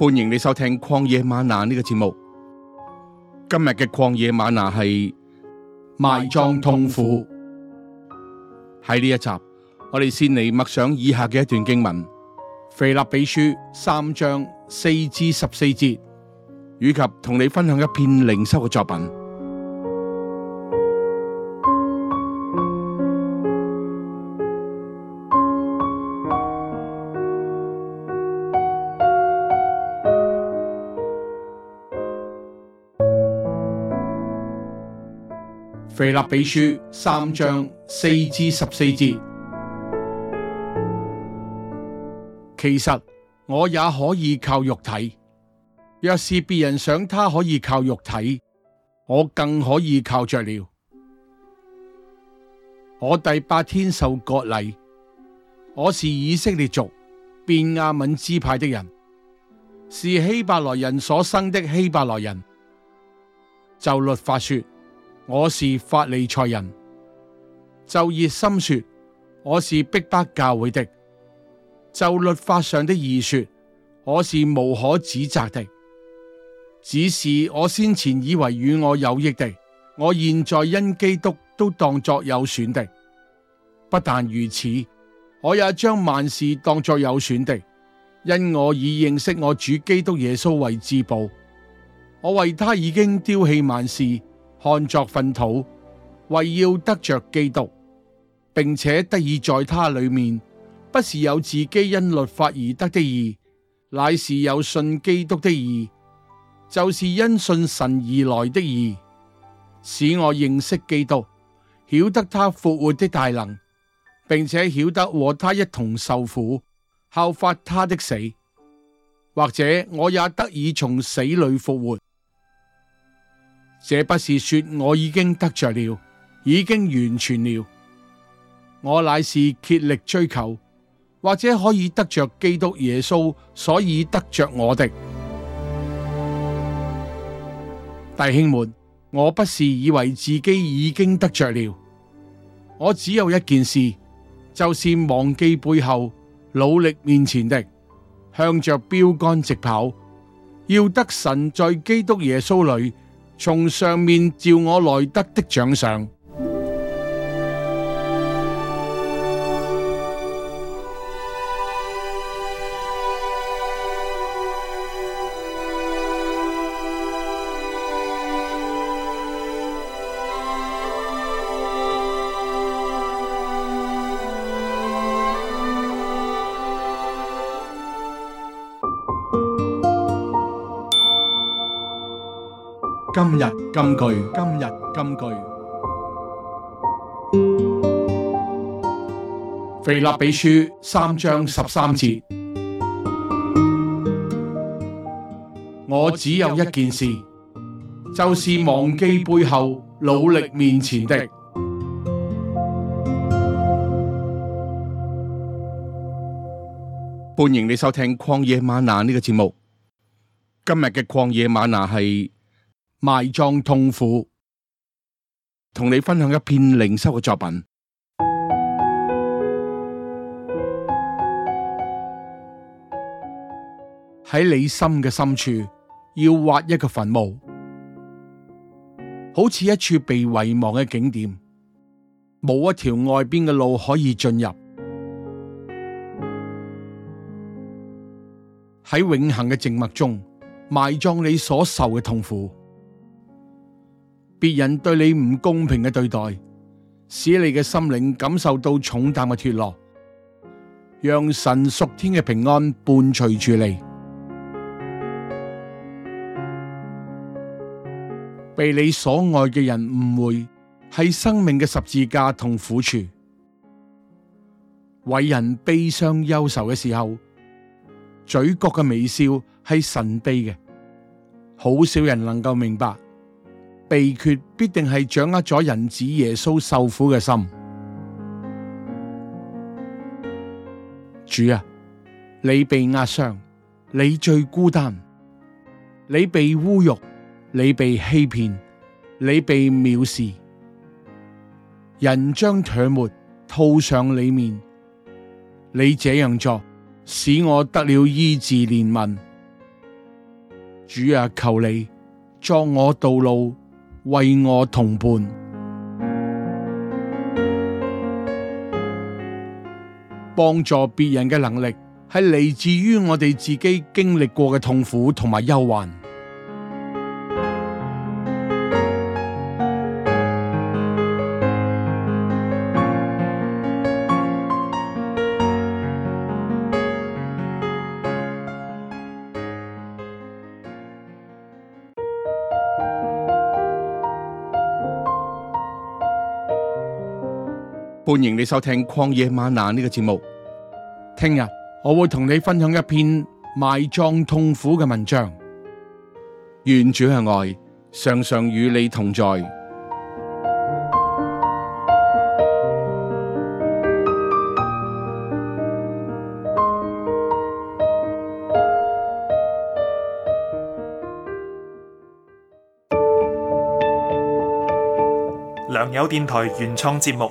歡迎你收聽曠野嗎哪呢、這個節目。今日嘅曠野嗎哪係埋葬痛苦。喺呢一集，我哋先嚟默想以下嘅一段經文：腓立比書三章四至十四節，以及同你分享一篇靈修嘅作品。腓立比書三章四至十四節，其實我也可以靠肉體。若是別人想他可以靠肉體，我更可以靠着了。我第八天受割禮，我是以色列族，便雅憫支派的人，是希伯來人所生的希伯來人。就律法說。我是法利賽人，就熱心說我是逼迫教會的；就律法上的異說，我是無可指責的。只是我先前以為與我有益的，我現在因基督都當作有損的。不但如此，我也將萬事當作有損的，因我已認識我主基督耶穌為至寶。我為他已經丟棄萬事。看作糞土，為要得着基督，並且得以在他裏面，不是有自己因律法而得的義，乃是有信基督的義，就是因信神而來的義。使我認識基督，曉得他復活的大能，並且曉得和他一同受苦，效法他的死。或者我也得以從死裏復活。這不是說我已經得着了，已經完全了。我乃是竭力追求，或者可以得着基督耶穌，所以得着我的。弟兄們，我不是以為自己已經得着了，我只有一件事，就是忘記背後，努力面前的，向着標竿直跑，要得神在基督耶穌裏。從上面召我來得的獎賞。今日金句，今日金句。腓立比書三章十三節，我只，我只有一件事，就是忘記背後，努力面前的。歡迎你收聽曠野嗎哪呢、這個節目。今日嘅曠野嗎哪係。埋葬痛苦，同你分享一篇靈修嘅作品。喺你心嘅深處，要挖一個墳墓，好似一處被遺忘嘅景點，冇一條外邊嘅路可以進入。喺永恆嘅靜默中，埋葬你所受嘅痛苦。別人對你唔公平嘅對待，使你嘅心靈感受到重擔嘅脱落，讓神屬天嘅平安伴隨住你。被你所愛嘅人誤會，係生命嘅十字架同苦楚。為人悲傷憂愁嘅時候，嘴角嘅微笑係神秘嘅，好少人能夠明白。秘訣必定係掌握咗人子耶穌受苦嘅心。主啊，你被壓傷，你最孤單，你被侮辱，你被欺騙，你被藐視，人將唾沫吐上你面。你這樣做，使我得了醫治憐憫。主啊，求你作我道路。為我同伴幫助別人嘅能力，係嚟自於我哋自己經歷過嘅痛苦同埋憂患。歡迎你收聽曠野嗎哪呢個節目。聽日我會同你分享一篇埋葬痛苦嘅文章。願主嘅愛常常與你同在。良友電台原創節目。